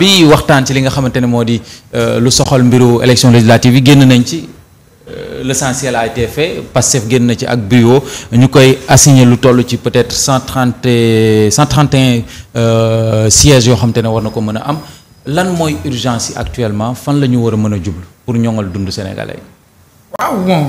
bi waxtaan ci li nga xamante ne moo di euh, lu soxal mbiru élection législative yi génn nañ ci euh, l'essentiel a été fait Pastef génn na ci ak brio ñu koy assigné lu toll ci peut-être cent trente cent trente et un euh, sièges yoo xamante ne war na ko mën a am lan mooy urgence yi actuellement fan la ñu war a mën a jublu pour ñoŋal dund sénégalais waaw bon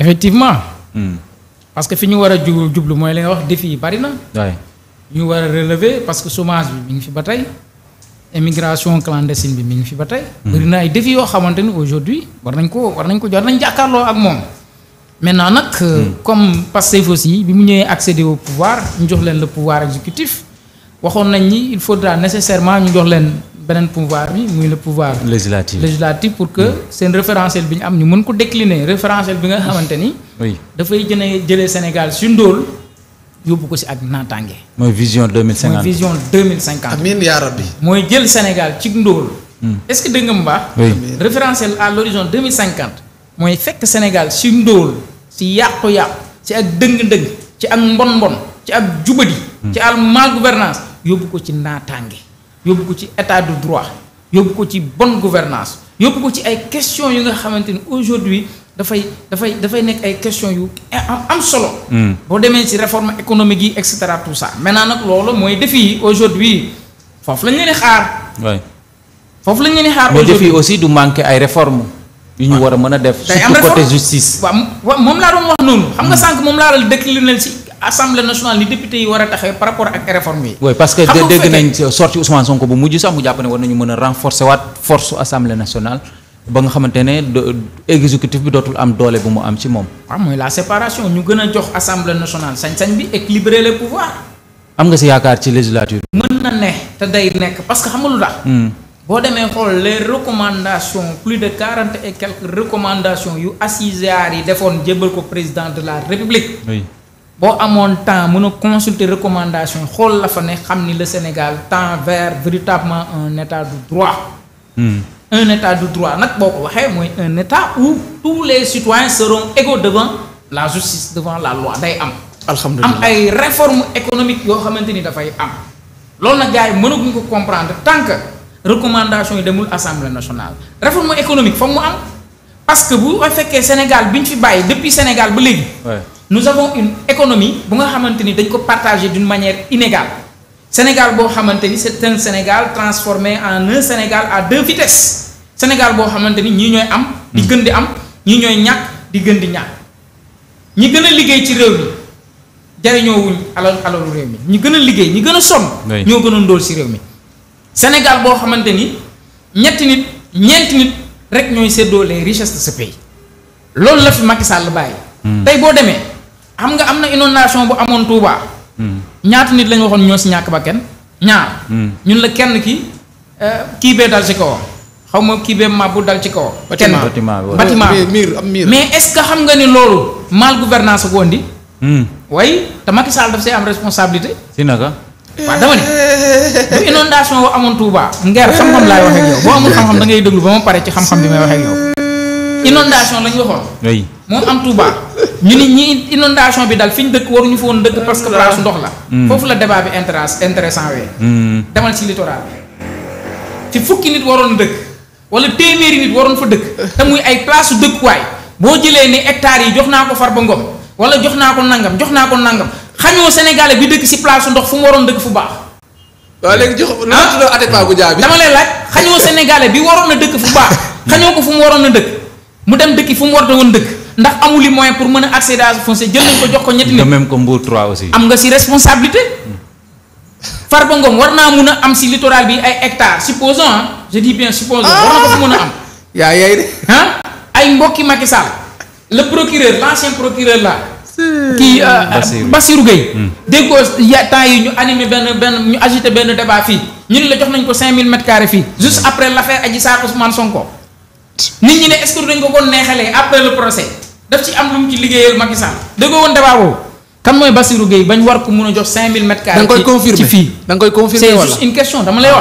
effectivement. Hmm. parce que fi ñu war a jublu mooy li nga wax défi yi bari na. ñu war a relever parce que chômage bi mi ngi fi ba tey émigration clandestine bi mi ngi fi ba tey. Mhm. bëri na ay défis yoo xamante ni aujourd'hui war nañ ko war nañ ko jox nañ jàkkaarloo ak moom. maintenant nag euh, mhm. comme Pastef aussi bi mu ñëwee accéder au pouvoir ñu jox leen le pouvoir exécutif waxoon nañ ni il faudra nécessairement ñu jox leen beneen pouvoir bi muy le pouvoir. législatif législatif pour que mhm. seen référentiel bi ñu am ñu mën ko décliner référentiel bi nga xamante ni. oui dafay jëne jëlee Sénégal si yóbbu ko si ak naataange. mooy vision deux mille cinquante mooy vision deux mille cinquante. amiin yaa rabbi. mooy jël Sénégal ci ndóol. Hmm. est-ce que dégg mu baax. oui référentiel à l'horizon deux mille mooy fekk Sénégal si ndóol si yàqu-yàqu ci ak dëng-dëng ci ak mbon-mbon ci ak jubadi. Hmm. ci al mal gouvernance yóbbu ko ci naataange yóbbu ko ci état de droit yóbbu ko ci bon gouvernance yóbbu ko ci ay questions yu nga xamante ni aujourd'hui dafay dafay dafay nekk ay question yu am solo. Hmm. boo demee ci réforme économique yi et cetera tout ça maintenant nag loolu mooy défi yi aujourd'hui foofu lañ leen di xaar. foofu lañ leen di xaar. mais défi aussi du manqué ay réformes. yu ñu war a mën a def. surtout côté justice. waaw moom laa doon wax noonu. xam nga hmm. sànq moom laa doon décliner ci assemblée nationale li député yi war a taxawee par rapport ak réforme yi. oui parce que dégg nañ sorti Ousmane Sonko bu mujj sax mu jàpp ne war nañu mën a renforcer waat force assemblée nationale. ba nga xamante ne exécutif bi dootul am doole bu mu am ci moom. waaw mooy la séparation ñu gën a jox assemblée nationale sañ-sañ bi équilibrer les pouvoirs. am nga si yaakaar ci législature. mën na ne te day nekk parce que xam nga lu tax. Hmm. boo demee xool le recommandation plus de quarante et quelques recommandations yu assises yi defoon jébbal ko président de la république. oui boo amoon temps mën a consulter recommandation xool la fa ne xam ni le Sénégal tend vers véritablement un état droit. Hmm. un état de droit nag boo ko waxee mooy un état ou tous les citoyens seront égaux devant la justice devant la loi day am. alhamdulilah am ay réformes économiques yoo xamante ni dafay am. loolu nag gars yi mënaguñ ko comprendre tant que recommandations yi demul assemblée nationale réforme économique foog mu am parce que bu fekkee Sénégal bi ñu fi bàyyi depuis Sénégal ba léegi. nous avons une économie bu nga xamante ni dañ ko partagé d'une manière inégale. Sénégal boo xamante ni c'est un Sénégal transformé en un Sénégal à deux vitesses Sénégal boo xamante ni ñii ñooy am. di hmm. gën di am ñii ñooy ñàkk di gën di ñàkk. ñi gën a liggéey ci réew mi jariñoo wuñ alal alalu réew mi ñi gën a liggéey ñi gën a sonn. ñoo gën a ndóol si réew mi. Sénégal boo xamante ni ñetti nit ñeenti nit rek ñooy séddoo les richesses de ce loolu la fi Macky Sall bàyyi. Hmm. tey boo demee xam nga am na inondation bu amoon Touba. Hmm. ñaata nit lañ waxoon ñoo si ñàkk ba kenn ñaar. Hmm. ñun la kenn ki euh, kii bee dal ci kawam xaw ma kii bee maab bu dal ci kawam. kenn bâtiment mais est-ce que xam nga ni loolu mal gouvernance ko woon di. Hmm. way te Macky si naka. waaw dama ne bu inondation wa amoon Touba. Nguer xam-xam laay wax ak boo amul xam-xam da ngay déglu ba ma pare ci xam-xam bi may wax ak yow. inondation waxoon. moom am Touba. ñu ni ñi inondation bi dal fi ñu dëkk waruñu fa woon dëkk parce que place ndox la. Hmm. foofu la débat bi intéresse intéressant wee. Hmm. demal ci littoral bi. fi fukki nit waroon dëkk wala téeméeri nit waroon fa dëkk. te muy ay place su dëkkuwaay boo jëlee ni hectares yi jox naa ko far ba Ngom wala jox naa ko nangam jox naa ko nangam xañoo Sénégalais bi dëkk ci place ndox fu mu waroon dëkk fu baax. waaw léegi jox na nga ah? tudd Atepa jaar bi. dama lee laaj xañoo Sénégalais bi waroon na dëkk fu baax xañoo ko fu mu waroon na dëkk mu dem dëkk fu mu war woon dëkk ndax amul li moyen pour mën a accéder à ce foncier jël nañ ko jox ko ñetti nit. ko même que Mbour 3 am nga si responsabilité. Hmm. Farba Ngom war naa mun a am si littoral bi ay hectares supposons ah je dis bien supposons ah. war na ko fi mën a am. yaa yaay de. ah ay mbokki Macky Sall le procureur l'ancien procureur là. Hmm. kii euh, euh, Bassirou Gueye. dégg ko ya temps yi ñu animé benn benn ñu agité benn débat fii ñu ne la jox nañ ko 5000 mètres carrés fii juste hmm. après l'affaire Adji Sarr Ousmane Sonko nit ñi ne est-ce que dañ ko ko neexalee après le procès. daf ci am lu mu ci liggéeyal Macky Sall woon débat kan mooy Bassirou Gueye bañ war ko mun a jox 5000 mètres carrés. da nga koy confirmer ci fii da nga koy confirmer wala c'est juste une question dama ah, l'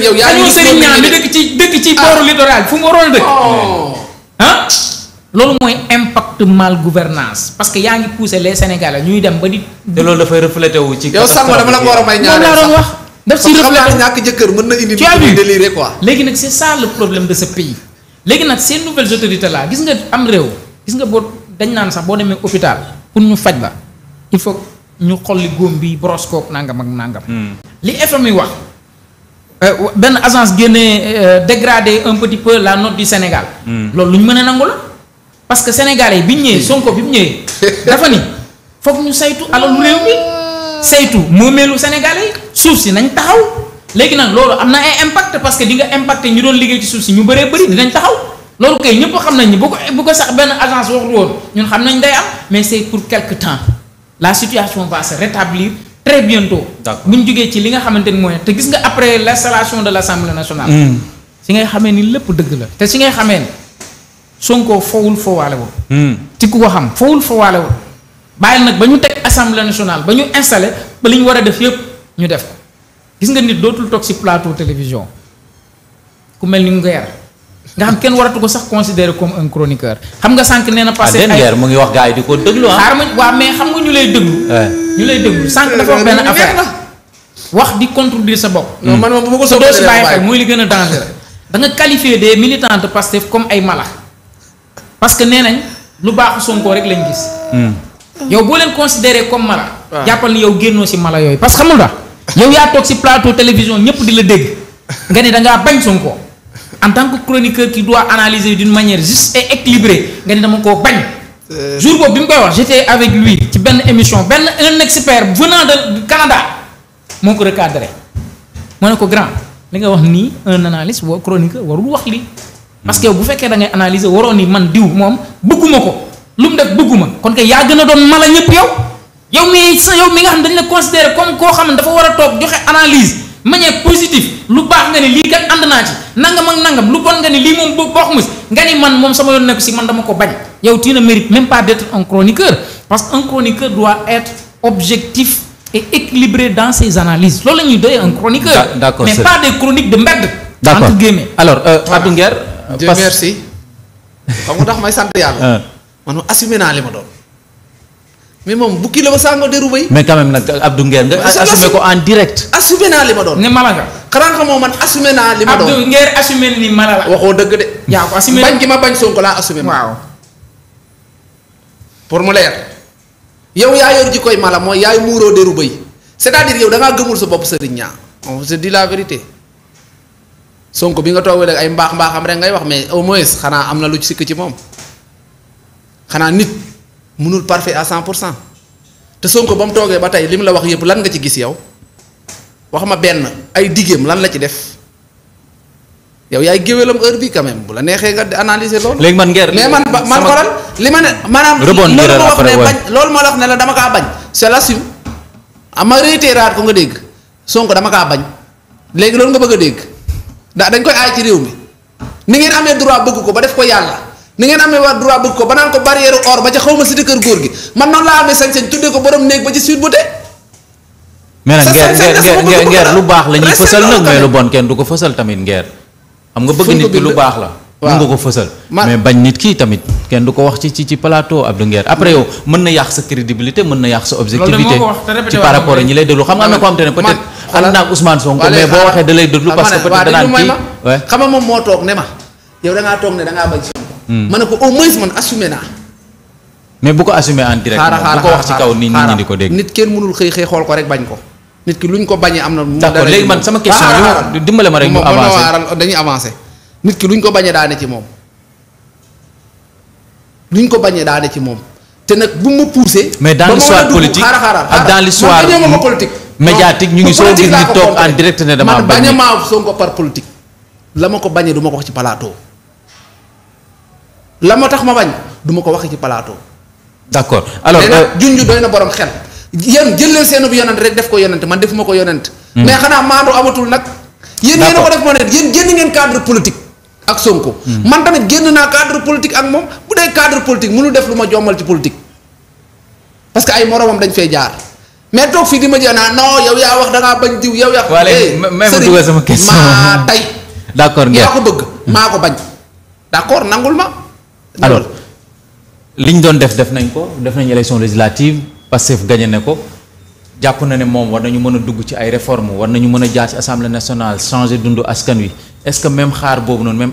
ah, lu dëkk ci dëkk ci booru ah. littoral fu mu waroon dëkk. ah loolu mooy impact mal gouvernance parce que yaa ngi poussé les sénégalais ñuy dem ba di. te loolu dafay reflété wu ci. yow sànq dama la ko war a may ñaareel sax doon wax. daf si reflété ñàkk jëkkër mën na indi. lu déliré quoi léegi nag c' est ça le problème de ce pays. léegi nag ces nouvelles autorités là gis nga am réew gis nga boo dañ naan sax boo demee hôpital pour ñu faj la il faut ñu xolli góom bi brosse kook nangam ak nangam. Hmm. li FMI wax euh, benn agence génnee euh, dégradé un petit peu la note du Sénégal. Hmm. loolu lu ñu mën a nangu la. parce que sénégalais bi ñu ñëwee sonko bi mu ñëwee dafa ni foog ñu saytu alalu réew mi saytu moomeelu sénégalais suuf si nañ taxaw léegi nag loolu am na ay impact parce que di nga impacté ñu doon liggéey ci suuf si ñu bëree bëri dinañ taxaw loolu kay ñëpp xam nañ ni bu ko bu ko sax benn agence waxul woon ñun xam nañ day am mais c'est pour quelque temps la situation va se rétablir très bientôt. bu ñu jógee ci li nga xamante ni mooy te gis nga après l'installation de l'Assemblée nationale. Mm. si ngay xamee ni lépp dëgg la te si ngay xamee Sonko fowul foowaalewul ci hmm. ku ko xam fowul foowaalewul bàyyil nag ba ñu teg assemblée nationale ba ñu installé ba li ñu war a def yëpp ñu def ko gis nga nit dootul toog si plateau télévision ku mel ni Nguer nga xam kenn waratu ko sax consider comme un chroniqueur xam nga sànq nee na passé ah, ay Nguer mu ngi wax gars yi di ko déglu ah. xaar ma waaw mais xam nga ñu lay déglu ñu lay déglu sànq dafa wax benn wax di contredire sa bopp non man bu ko soo doo si bàyyi xel muy li gën a dangereux da nga qualifier des militants de comme ay mala parce que nee nañ lu baaxu Sonko rek lañ gis. Hmm. yow boo leen considéré comme mala. jàppal ni yow génnoo si mala yooyu parce que xamul da yow yaa toog si plateau télévision ñëpp di la dégg nga ne da ngaa bañ Sonko en tant que chroniqueur qui doit analyser d'une manière juste et équilibrée nga ne dama koo bañ. Euh. jour boobu bi mu koy wax j'étais avec lui ci benn émission benn un expert venant de Canada moo ko recadré ma ne ko grand li nga wax nii un analyste wa chroniqueur warul parce que yow bu fekkee da ngay waroon ni man diw moom bëgguma ko lu mu def bëgguma kon kay yaa gën a doon mala ñëpp yow yow mi sa yow mi nga xam dañ ne considéré comme koo xam ne dafa war a toog joxe analyse manière positive lu baax nga ni lii kat ànd naa ci nangam ak nangam lu bon nga ni lii moom bokk mus nga ni man moom sama yoon nekk si man dama ko bañ yow tu ne mérites même pas d'être un chroniqueur parce qu'un chroniqueur doit être objectif et équilibré dans loolu la ñuy doyee un chroniqueur mais pas des chroniques de mbedd entre guillemets alors euh, Euh, Dieu si xam nga ndax may sant yàlla. Euh. man assumé naa li ma doon. mais moom bu kii la ba sàngo deru bay mais quand même nag Abdou Nguer assumé ko en direct. assumé naa li ma doon. ni mala man assumé li ma ni mala la. waxoo dëgg de. yaa ko bañ gi ma bañ Sonko laa assumé. waaw pour mu leer. yow yaa yor ji koy mala mooy yaay muuroo deru bay c'est-à-dire yow da gëmul sa bopp sëriñ ñaa on se dit la vérité. Sonko bi nga toogee rek ay mbaax mbaaxam rek ngay wax mais au moins xanaa am na lu ci sikk ci moom xanaa nit mënul parfait à cent pour cent te Sonko ba mu toogee ba tey li mu la wax yëpp lan nga ci gis yow wax ma benn ay diggéem lan la ci def yow yaay géwélam heure bi quand même bu la neexee nga analyser loolu. léegi man ngeer mais man man xoolal li ma ne. maanaam loolu ma wax ne bañ loolu ma la wax ne la dama kaa bañ. c'est l'assume ama ah, réiteraat ko nga dégg Sonko dama kaa bañ léegi loolu nga bëgg a dégg. ndax dañ koy aay ci réew mi ni ngeen amee droit bëgg ko ba def ko yàlla ni ngeen amee war droit bëgg ko ba naan ko barrière or ba ca xaw ma cité kër góor gi man noonu laa amee sañ-sañ tuddee ko borom néeg ba ci suite bu dee. mais nag ngeer ngeer ngeer lu baax la ñuy bon kenn du ko fësal tamit ngeer. xam nga bëgg lu baax la. waaw mun nga ko fësal. mais bañ nit kii tamit kenn du ko wax ci ci ci plateau Abdou Nguer après yow mën na yàq sa crédibilité mën na yàq sa objectivité ci par rapport ñi lay déglu xam nga am ànd naa ak Ousmane Sonko mais boo waxee da lay déglu parce que peut-être xam nga moom moo toog ne ma yow da ngaa toog ne hmm. ma ne ko au moins mais bu ko assumé en direct. bu ko wax ci kaw nit ñi di ko dégg. nit kenn mënul xëy xëy xool ko rek bañ ko. nit ki luñ ko bañee am na. mu d'accord léegi man sama question. dimbale ma rek ñu avancé dañuy avancé. nit ki luñ ko bañee daane ci moom. luñ ko bañee daane ci moom. te nag bu ma mais dans l'histoire politique ak dans l'histoire politique. médiatique ñu ngi soo gis ñu toog en direct ne dama bañ a maa Sonko par politique la ma ko bañee du ma ko wax ci palaatoo la ma tax ma bañ duma ko wax ci plateau d'accord alors euh, junj doy na borom xel yéen jël leen seen bu yonent rek def ko yonent man defuma ko yonent hmm. mais xanaa maandu amatul nag yéen yéen a ko def moo ne yéen génn ngeen cadre politique ak Sonko hmm. man tamit génn naa cadre politique ak moom bu dee cadre politique mënu def lu ma jommal ci politique parce que ay moromam dañ fee jaar mais toog fii di ma jeex naa non yow yaa wax da bañ diw yow yaa. waa eh, léegi sama question maa tey. d' accord ngeen yaa ko bëgg. maa ko bañ. d' accord nangul ma. alors li ñu doon def def nañ ko def nañ élection législative Pastef gagné ne ko jàpp na ne moom war nañu mën a dugg ci ay réformes war na ñu mën a jaar ci assemblée nationale changer dundu askan wi est ce que même xaar boobu noonu même.